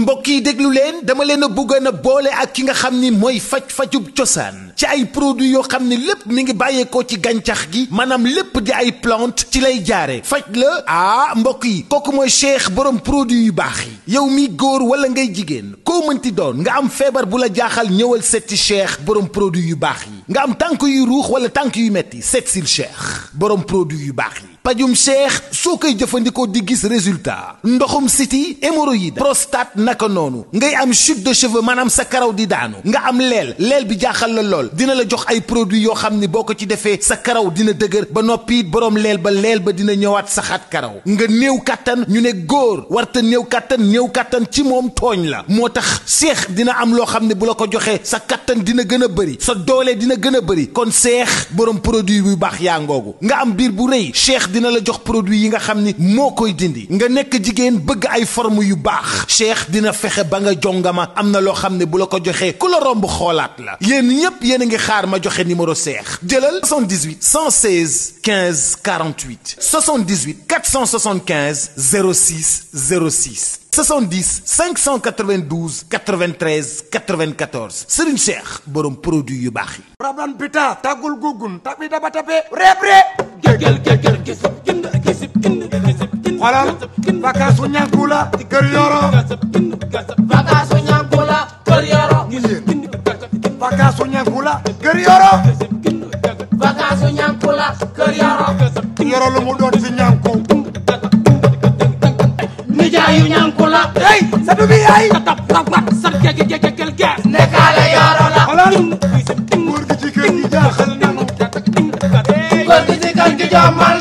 mbokk yi déglu leen dama leen a bëggoon a boole ak ki nga xam ni mooy faj-fajub cosaan ci ay produits yoo xam ne lépp mi ngi bàyyeekoo ci gàncax gi maanaam lépp di ay plante ci lay jaare faj la ah mbokk yi kooku mooy cheikh borom produit yu baax yi yow mi góor wala ngay jigéen koo mënti doon nga am feebar bu la jaaxal ñëwal setti cheikh borom produit yu baax yi nga am tànk yu ruux wala tànk yu metti seet sil cheikh borom produits yu baax yi pajum cheikh soo koy jëfandikoo di gis résultat ndoxum city hémorroïde prostate naka noonu ngay am chute de cheveux manam sa karaw di daanu nga am leel leel bi jaaxal la lool dina la jox ay produits yoo xam ni boo ko ci defee sa karaw dina dëgër ba noppi borom leel ba leel ba dina ñëwaat saxaat karaw nga néew kàttan ñu ne góor warta néew kàttan néew kàttan ci moom tooñ la moo tax seex dina am loo xam ne bu la ko joxee sa kàttan dina gën a bëri sa doole dina gën a bëri kon cheikh borom produit bu baax yaa ngoogu nga am biir bu rëy cheikh dina la jox produit yi nga xam ni moo koy dindi nga nekk jigéen bëgg ay forme yu baax Cheikh dina fexe ba nga jongama am na loo xam ne bu la ko joxee ku la romb xoolaat la yenn ñépp yéen a ngi xaar ma joxe numéro Cheikh jëlal 78 116 15 48 78 475 06 06 70 592 93 94 Serigne Cheikh borom produit yu baax yi. Raban Bita tàggul gugun tapi daba tape. reeb reeb. gégel gégel gisib gind gisib gind gisib gind. xoolal vacance su ñàkku la. kër yoro. vacance su ñàkku la. kër yoro. vacance su ñàkku la. kër yoro. vacance su ñàkku la. kër yoro. yoro lu mu doon si ñàkku. nijaayu ñàkku. tap hey sa bi ay tap tap tap sar ke ke ke ke ke ne ka la yoro la xolal nguur gi ci kër gi jaaxal na mu tap tap tap nguur gi ci kër gi jaamal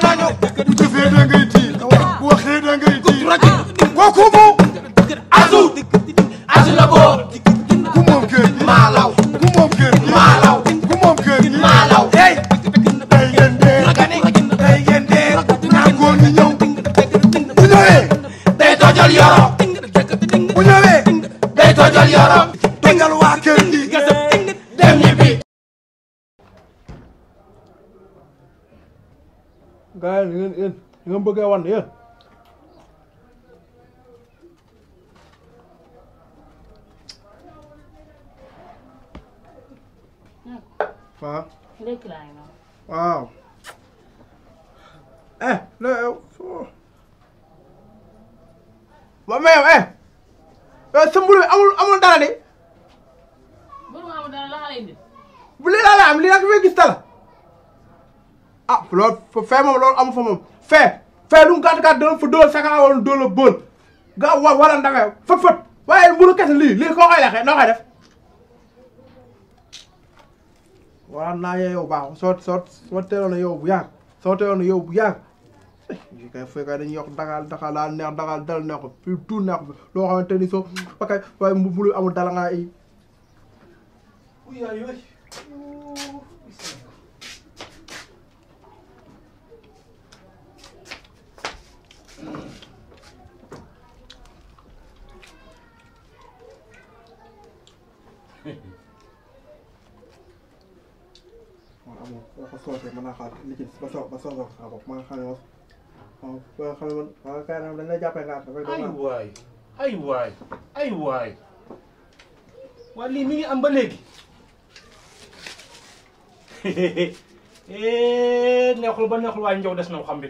hamburger one here. Wow. Wow. Eh, no. Wa me eh. Wa sambul amul amul dara de. Buru amul dara la indi. Bu li la la am li nak me gis tala. ah loolu fee moom loolu amu fa moom fee feelum gàtt-gàtt dana fa dóor sakaa wala dóor bool ga wa wala ndanga fët fët waaye mburu kese lii lii koo koy lekkee noo def wala naa yee yow soo soo soo teeloon bu yàgg soo teeloon na yow bu yàgg yi kay fekk dañuy yokk dagal dagal daal neex dagal dal neex ko fi tout neex bi loo xamante ni soo fakay waaye mburu amul dala mën naa xaar li ba soo ba soo soxla bopp ma nga nga xam ne man nga dafay ay waay ay mi ngi am ba léegi neexul ba neexul waaye njaw des na xam bi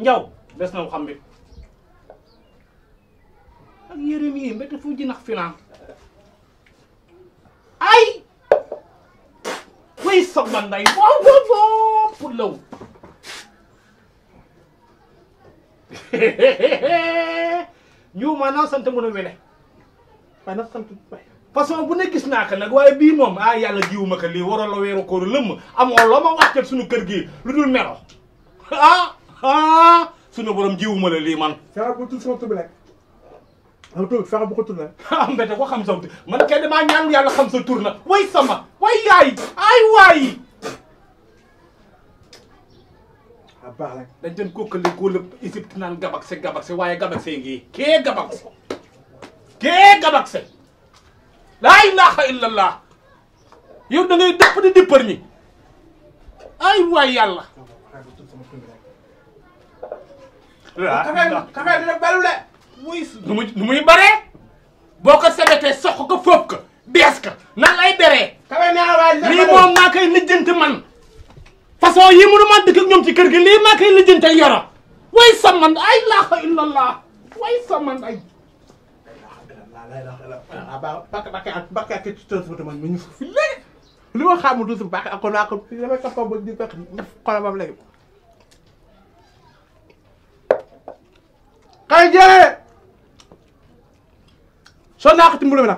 njaw des na xam bi ak yërëm yi mbéte fu jinax finaan ay please someone whoa, whoa, whoa, pulau. ñu maanaam sant mu ne wene maanaam sant façon bu ne gis naa ko nag waaye bii moom ah un peu ko lii waroon la weeru koor lëmm amoo loo ma wàcceel suñu kër gi lu dul melo ah ah suñu borom jiwuma la lii man. c'est la culture tur fexe bu ko tur nag. ah Mbete ko xam sa man kenn maa ñaanul yàlla xam sa tur nag way sama way yaay ay waay. ah baax na dañ leen kookale góor la Égypte naan gabakse gabakse waaye gabakse ngi kee gabakse kee gabakse. illallah yow da ngay di dippar ñi ay waay yàlla. Ah, nu muy nu boo ko sebetee sox ko foof ko bees ka nan lay beree lii moom maa koy lijjanti man façon yi mënu ma dëkk ak ñoom ci kër gi lii maa koy lijjante yoro way sa man ay laaha illallah way sa man ay li ma xaar mu dugg si baax ak kon waa ko li may toppoo ba di fekk def xolomam léegi. xëy jëlee. so naaqati mulimina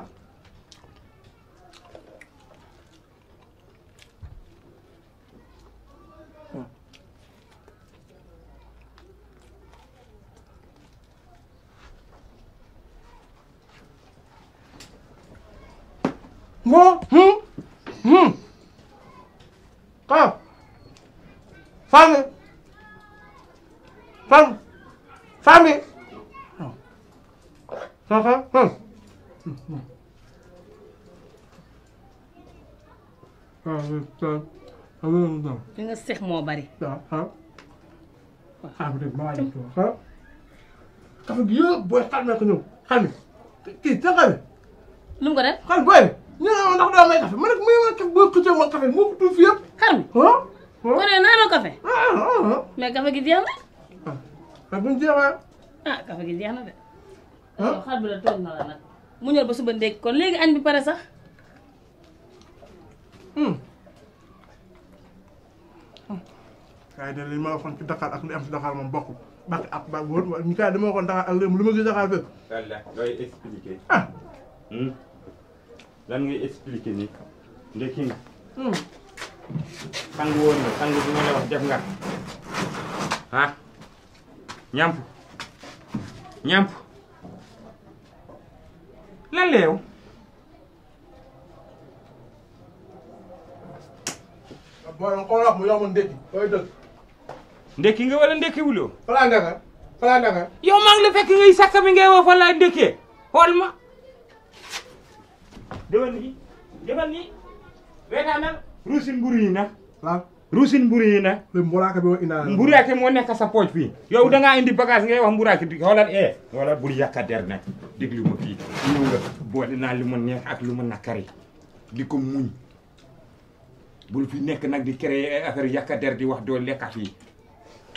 뭐? 응? 응? 가! 방, waaw xam nga moom. li nga seex moo bari. waaw ah. ah bu dee maa ngi tudd ah. kafe bi yëpp booy xar naa ko ñëw xar mi kii sa xar kafe ma ne kafe boo ko kafe ah. ko ne kafe. ah ah kafe gi jeex ah kafe bu ñu jeexee. ah kafe gi jeex na de. ah xar bi la toog waaye de li ma waxoon ci Dakar ak li am ci Dakar moom bokkul bàq ak ba wóor ma ñu kaay dama waxoon Dakar ak léegi lu ma gis Dakar fépp. wallaahi looy expliqué. ah. Hmm? lan ngay expliqué nii. ndekki nga. Hmm. sang woon na sang bi ma la wax def nga. ah. ñamp. ñamp. lan la yow. booy xoolal mu yomb ndekki booy dëkk. ndeki nga wala ndekki wuloo nga ndaka falaa nga yow ma ngi fekk ngay sakka mi ngay woo fa laa ndékkee xool ma defal nii defal nii weetaanal ruusin mburu buri nag waaw ruusin na le nag mburaake bi ina indaale mburaake moo nekk sa pooj fii yow da nga indi bagage ngay wax mburaake di xoolal eh. wala bul yàkka der nag déglu ma nga boole naa lu mo neex ak lu mo nakari di muñ bul fi nekk nak di créer affaire yàkka der di wax do lekka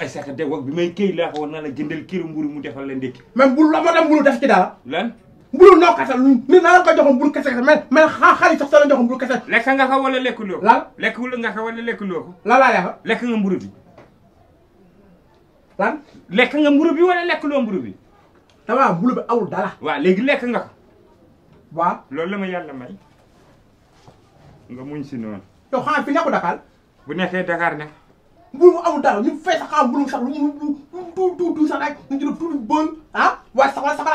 ay sax de wax bi may këy a ko naa la jëndal kilo mburu mu defal la ndékki même bu la ma dem mburu def ci dara lan mburu nokkatal ni naa la mburu kese kese mais mais xaaxal yi sax sa la joxoon mburu kese lekk nga ko wala lekk loo ko lan lekk nga ko wala lekk loo lekk lekk nga mburu bi lan lekk nga mburu bi wala lekk loo mburu bi dama mburu bi awul dara waa léegi lekk nga ko waaw loolu la ma yàlla may nga muñ si noonu yow xanaa fi nekku Dakar bu nekkee Dakar nag Bulu mu amul dara ñu fees xaw bulu, sax ñu du du du sax rek ñu jël tuuti bon ah wa sax wala sax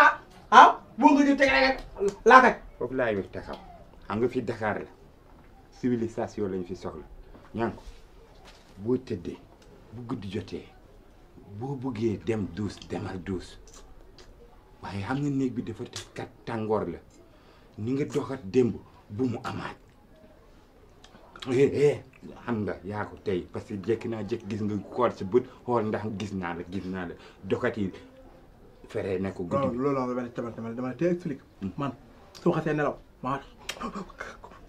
ah boo nga jël teg rek laa kaj foofu laay wér taxaw xam nga fi Dakar la civilisation lañ fi soxla ñaan ko boo bu guddi jotee boo bëggee dem duus demal duus waaye xam nga néeg bi dafa kat tàngoor la ni nga doxat démb bu mu amaat xam nga yaa ko tey parce que jékki naa jékki gis nga xool si bët xool ndax gis naa la gis naa la doxat yi feree na ko. guddi loolu la ma dama dama dama te explique. man su ma xasee nelaw ma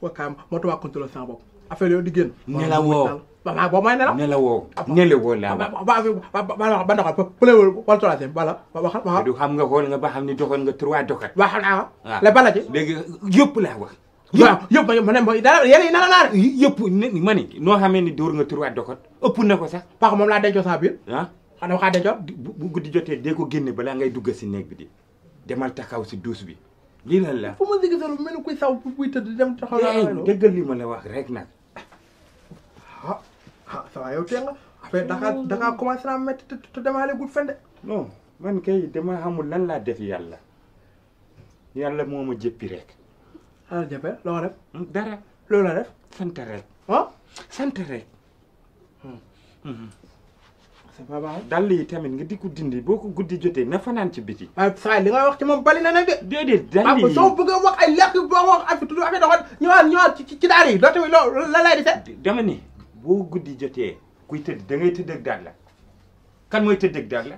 wax kaay ma taw a contrôle sama bopp affaire yooyu di génn. nelawoo waaw boo may nelaw nelawoo. nelawoo laa wax ba ba doxal pëlewul wala troisième wala waxal waxal. du xam nga xool nga ba xam ni doxal nga trois doxal. waaw xam naa waaw la bala ci. léegi yëpp laa wax. yëpp yëpp ma ne ma dara yéen nana naa yëpp ma ni noo xamee ni dóor nga turwaat dokot ëpp na ko sax paax moom laa dencoo sa biir ah xanaa waxaa dencoo bu guddi jotee dee ko génne balaa ngay dugg si néeg bi di demal taxaw si duus bi lii lan la fu ma sigi solu mel ni kuy saw buy tëdd dem taxaw la eh, déggal li ma la wax rek nag ah ah ça va yow tee nga affaire da ngaa da ngaa commencé naa métti te demaale gud fende non man kay dama xamul lan laa def yàlla yàlla moo ma jëppi rek ah Jappé loo def. dara loolu la def. sant rek. Ah? Hmm. Hmm. yi tamit nga di ko dindi boo ko guddi jotee na fanaan ci biti. waaw ah, saa li nga wax ci moom bali na nag de. déedéet dàll yi soo bëggee wax ay lekk boo wax ak tudd affaire doxal ci ci yi doo tamit loo la lay dese. ni boo guddi jotee kuy tëdd da ngay tëdd kan mooy tëdd ak dàll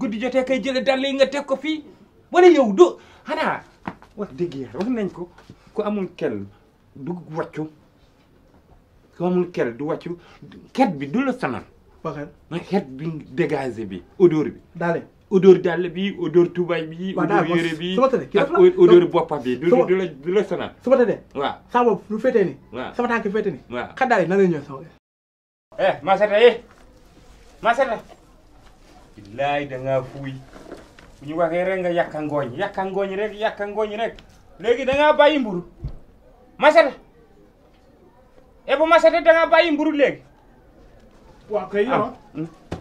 guddi jotee kay jëlee dàll yi nga teg ko fii wala yow wax dëgg yàlla wax nañ ko ku amul kel du wàccu kel du wàccu ket bi du la sonal. waxee xet bi dégagé bi odeur bi. daale odeur daal bi odeur tubaay bi. waaw odeur yére bi ak odeur boppa bi. du la du la sonal. su ma tëddee waaw sama bopp lu féetee nii. waaw sama tànk féetee nii. waaw yi nan la ñëw sama. Eh, eh. fuuy. bu ñu waxee rek nga yàq ngooñ yàq ngooñ rek yàq ngooñ rek léegi da ngaa bàyyi mburu masata et eh, bu masata da ngaa bàyyi mburu léegi. waaw kay yow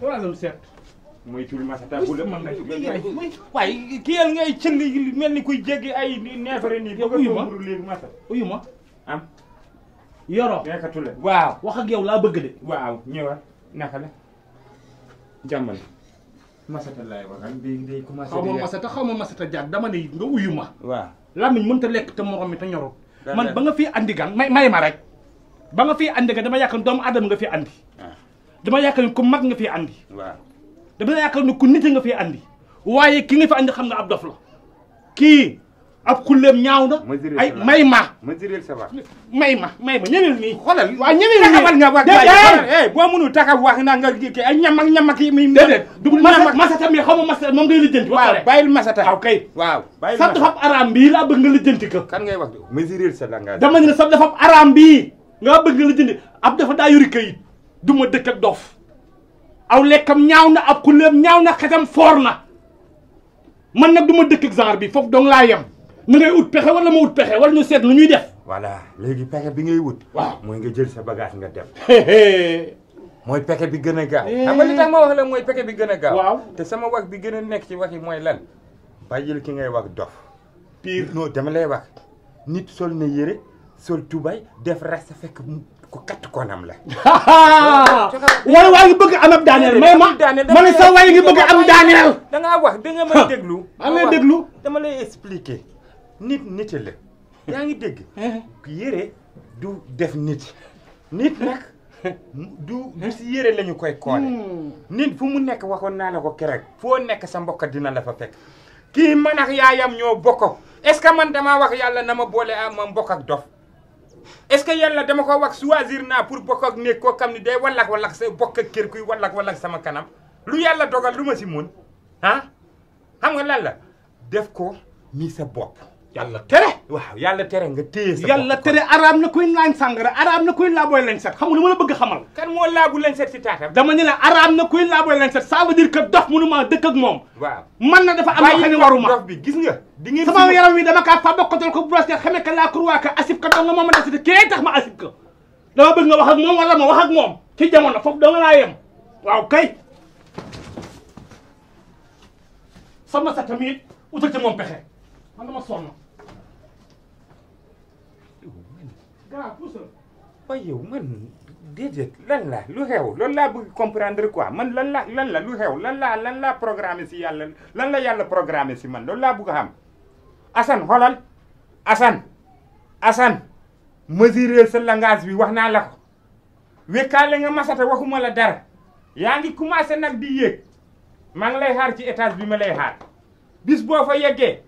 wàllum hmm? seet. mooy tur masata bu la mën ngay cëng mel ni kuy jéggi ay neefere nii. uyu ma mburu léegi ma am. yoro nekkatu la waaw wax ak laa bëgg de. waaw ñëwaat naka la jàmm masata laay waxal léegi ma masata xaw ma masata jaag dama ne nga uyu ma. waaw làmmiñ mënta lekk te morom mi te ñorul. man ba nga fii andi gan may may ma rek. ba nga fii andi gan dama yaakaar doomu aadama nga fi andi. Ah. dama yaakaar ni ku mag nga fi andi. waaw dama yaakaar ni ku nit nga fi andi. waaye ki nga fi andi xam nga ab dof la kii. ab xulleem ñaaw na. ay may ma. may ma may ma ñeneen nii. xoolal waaw waa nii taxawal nga wax. déedéet eh, boo mënul taxaw wax na ak ñam ak yi muy. déedéet du masata masata mi ma masata moom day lijjanti. waaw bàyyil masata waaw kay. waaw bàyyil masata sab dafa am araam bii laa bëgg nga lijjanti ko. kan ngay wax mesurer sa langage. dama ne sab dafa am araam bii nga bëgg nga lijjanti ab daa yori kayit ma dëkk ak dof aw lekkam ñaaw na ab xulleem ñaaw na xetam foor na man nag du ma dëkk ak bi foofu dong laa yem ma ngay ut pexe wala ma ut pexe wala ñu seet lu ñuy def. voilà léegi pexe bi ngay wut. waaw mooy nga jël sa bagage nga dem. mooy pexe bi gën a gaaw. xam nga mooy pexe bi gën a gaaw. te sama wax bi gën a nekk ci wax yi mooy lan. bàyyil ki ngay wax dof. pire non dama lay wax nit sol na yére sol tubay def rasta fekk ku katt koonam la. wala waa ngi bëgg am ab daaneel. may ma ma ne sa waay ngi bëgg am daaneel. da ngaa wax da nga may déglu. ma lay déglu dama lay expliquer. nit nit la yaa ngi dégg yére du def nit nit nag du du yére la ñu koy koole hmm. nit fu mu nekk waxoon naa la ko kerek foo nekk sa mbokk dina la fa fekk kii man ak yaayam ñoo bokko est-ce que man damaa wax yàlla na ma boole a ma mbokk ak dof est-ce que yàlla dama ko wax choisir naa pour bokk ak néeg koo xam ne day wallak wallak sa bokk ak kër kuy wallak wallak sama kanam lu yàlla dogal lu ma si mun ah xam nga lan la def ko nii sa bopp yàlla tere. waaw yàlla tere nga téye sa yàlla tere araam na kuy naan sàngara araam na kuy laabooy lenset xam nga lu ma la bëgg xamal. kan moo laabu lenset si taatam. dama ne la araam na kuy laabooy lenset ça veut dire que dof mënuma dëkk ak moom. waaw man na dafa am loo xam ne waruma dof bi gis nga. di ngeen sama yaram wi dama kaa fa bokkatal ko brosse xame ka laa kurwaa ka asib ka dong moo ma des te kee tax ma asib ka dama bëgg nga wax ak moom wala ma wax ak moom ci jamono foofu dong laa yem waaw kay sama sa tamit utal ci moom pexe man dama sonn. gannaaw tout seul. waaye la lu xew loolu la bëgg comprendre quoi man lan la lan la lu xew lan laa lan laa programme si yàlla lan la yàlla programme si man loolu laa bëgg a xam. Assane xoolal Assane Assane mesurer sa bi wax naa la we wekkaale nga masata waxuma mala dar yaa ngi commencé nag di yéeg maa ngi lay xaar ci étage bi ma lay bis boo fa yeggee.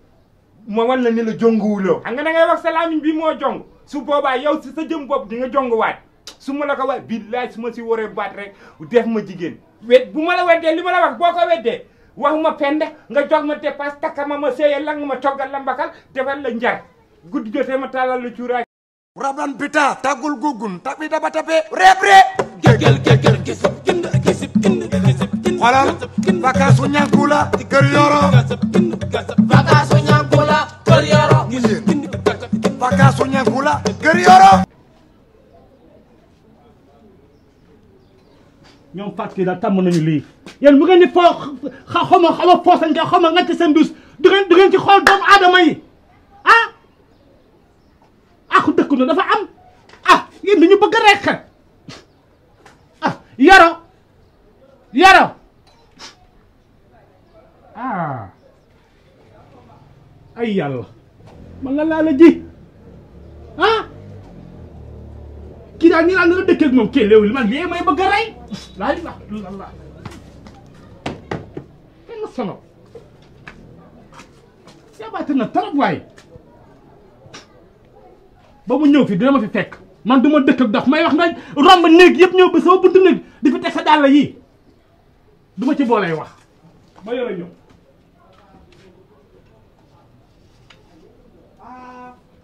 ma wan la ni la jonguwuloo xam nga da ngay wax sa bi mo jong su boba yow ci sa jëm bopp di nga jonguwaat su ma la ko wax billahi su ma si waree baat rek def ma jigen wet bu ma la weddee li ma wax boko wedde waxuma wax nga jox ma dépasse takama ma seeyal lang ma togal lambakal defal la njar gudd jote ma tàllal la cuuraay rablan bita tagul gugun tapi daba tape rebre gegel gegel gisip kind gisip kind gisip kind xolal vacances ñankula keur yoro vacances punya gula gerioro ñoom fàttali daal tàmm nañu lii yéen bu ngeen di foo xaw ma xaw ma foosante xaw ma ngàcc seen dus du ngeen du ngeen ci xool doomu yi ah aku dëkk na dafa am ah ini dañu bëgg rek ah yaro yaro ah ay yàlla man la la ji kii daal nii daal na nga dëkk ak moom kii léegi man lii may bëgg a rey laa ilaha illallah kenn solo yabaate na trop waaye ba mu ñëw fii dina ma fi fekk man du ma dëkk ak dox may wax nga romb néeg yëpp ñëw ba sama buntu néeg di fi teg sa dàll yi du ma ci boolee wax ba yore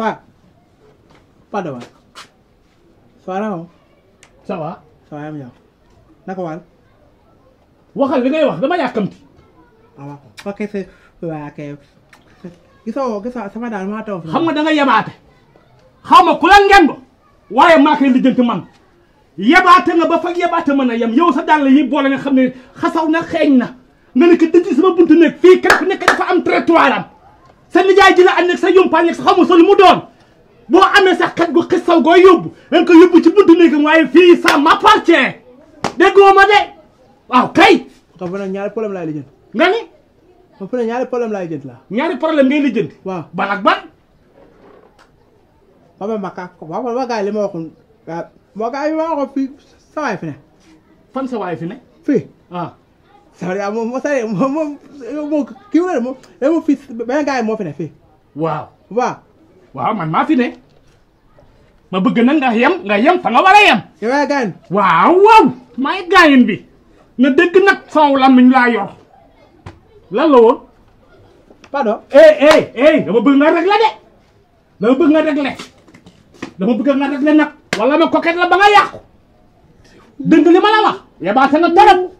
Ça va. Padawan. ça va naka ça yam naka waal. waxal li ngay wax dama yàkkamti. Ah, waaw waaw kay sa waaw kay gisoo sama daal ma taw. xam nga da nga yabaate. xaw ma ku la ngemb. waaye maa koy lijjanti man. yabaate nga ba fa yabaate ma na yem yow sa daal yi boole nga xam ne xasaw na xeeñ na nga ne ko dëgg sama buntu nekk fii képp nekk dafa am trottoir am. sa nijaay ji la ànd ak sa yumpaañ ak sa xamul sa lu mu doon boo amee sa xet gu xis saw gooy yóbbu da nga ci buntu néegam waaye fii ça m'appartient déggoo ma de waaw kay. xam nga ñaari problème laay lijjanti. nga ni. xam nga ñaari problème laay lijjanti laa. ñaari problème ngay lijjanti. li ma waxoon waaw ma gars yi ma sa waay fi ne. sa waay fi sabe mo sabe mo mo mo kiu le mo le mo fit ben gaay mo fi ne fi waaw waaw waaw man maa fi ne ma bëgg nag nga yem nga yem fa nga war a wow yow yaa gaañ waaw waaw maay gaayin bi na dëgg nag saw lamiñ laa yor lan la woon pardon eh eh eh dama bëgg nga régler de dama bëgg nga régler dama bëgg nga régler nag wala ma koket la ba nga yàqu dëgg li ma la wax yabaate nga torop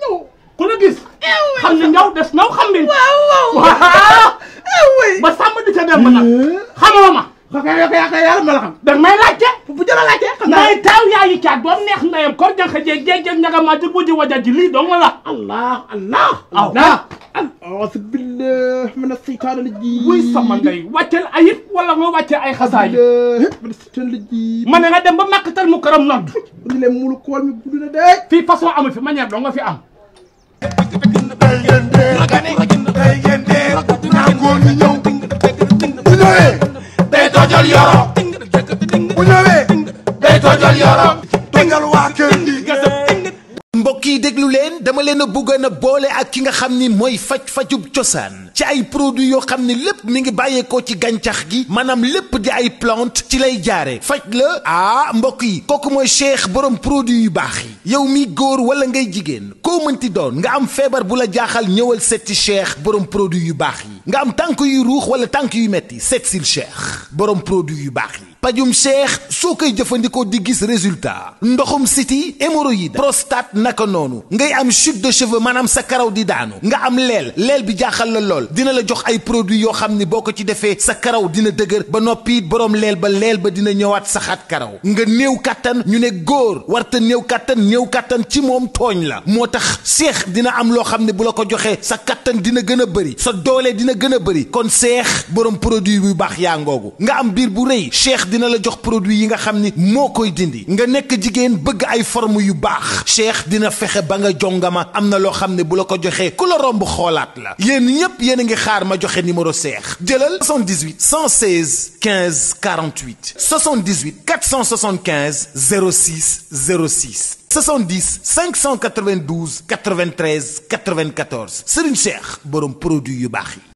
ñëw ku la gis. Eh xam ne ñaw des naw xam ne. waaw waaw waaw. Eh ba sàmm di ca dem ba nag. Eh. xamoo ma. ok ok ok yàlla ma la xam. da may laajte. bu jëla laajte xam naa may taaw yaayu caat doom neex ndeyam ko jàng jeeg jeeg jeeg ñaga maa jëg wuji waja ji lii dong la. allah allah. allah auzu billah mina seytaane rajiim. wuy sama ndey wàcceel ayib wala nga wàcce ay xasaay. mina seytaane rajiim. ma ne nga dem ba makkatal mu karam nodd. bu ñu leen mulu kool mi gudd na de. fii façon amu fi manière dong nga fi am. bu ñëwee day tojal yoro tingal waa kër gi yi déglu leen dama leen a bëggoon a boole ak ki nga xam ni mooy faj-fajub cosaan ci ay produits yoo xam ne lépp mi ngi bàyyeekoo ci gàncax gi maanaam lépp di ay plante ci lay jaare faj la ah mbokk yi kooku mooy cheikh borom produit yu baax yi yow mii góor wala ngay jigéen koo mënti doon nga am feebar bu la jaaxal ñëwal setti cheikh borom produits yu baax yi nga am tànk yu ruux wala tànk yu metti seet sil borom produit yu baax yi pajum cheikh soo koy jëfandikoo di gis résultat ndoxum city hémorroïde prostate naka noonu ngay am chute de cheveux maanaam sa karaw di daanu nga am leel leel bi jaaxal la lool dina la jox ay produits yoo xam ni boo ko ci defee sa karaw dina dëgër ba noppi it borom leel ba leel ba dina ñëwaat saxaat karaw nga néew kattan ñu ne góor warta néew kattan néew kattan ci moom tooñ la moo tax seex dina am loo xam ne bu la ko joxee sa kattan dina gën a bëri sa doole dina gën a bëri kon cheikh borom produit bu baax yaa ngoogu nga am biir bu rëy cheikh dina la jox produit yi nga xam ni moo koy dindi nga nekk jigéen bëgg ay forme yu baax Cheikh dina fexe ba nga jongama am na loo xam ne bu la ko joxee ku la romb xoolaat la yéen ñépp yéen a ngi xaar ma joxe numéro Cheikh jëlal 78 116 15 48 78 475 06 06 70 592 93 94 Serigne Cheikh borom produit yu baax yi.